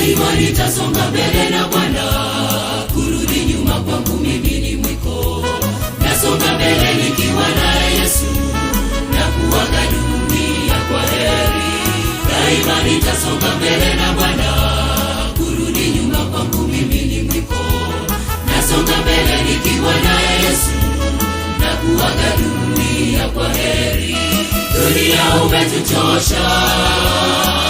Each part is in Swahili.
kwa imani mbele na Bwana, kurudi nyuma kwangu mimi ni mwiko. Nasonga mbele nikiwa na Yesu na kuaga dunia kwa heri. Kwa imani mbele na Bwana, kurudi nyuma kwangu mimi ni mwiko. Nasonga mbele nikiwa na Yesu na kuaga dunia kwa heri. Dunia umetuchosha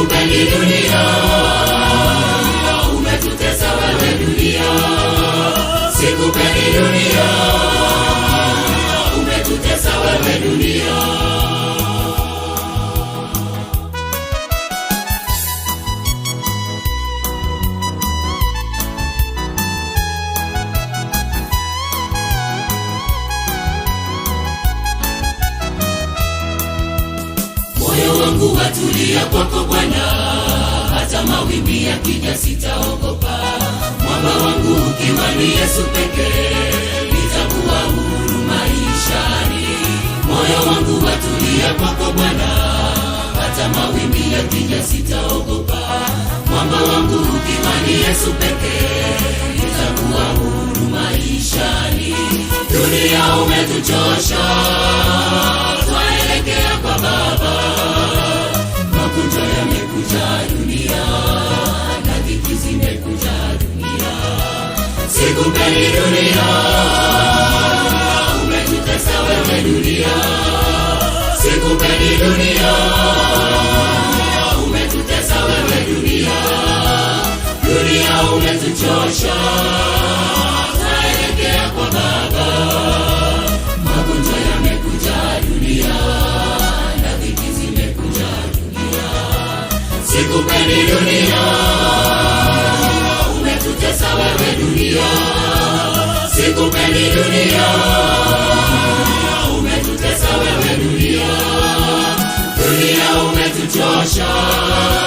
tupendi dunia umetutesa wewe dunia sikupendi dunia wangu watulia kwako Bwana, hata mawimbi ya kija sitaogopa. Mwamba wangu ukiwa ni Yesu pekee, nitakuwa huru maishani. Moyo wangu watulia kwako Bwana, hata mawimbi ya kija sitaogopa. Mwamba wangu ukiwa ni Yesu pekee, nitakuwa huru maishani. Dunia umetuchosha umenitolea na umetutesa wewe dunia sikupendi dunia na umetutesa wewe dunia dunia umetuchosha naelekea kwa baba magonjwa yamekuja dunia na dhiki zimekuja dunia sikupendi dunia dunia, sikupeni dunia, umetutesa wewe dunia, dunia umetuchosha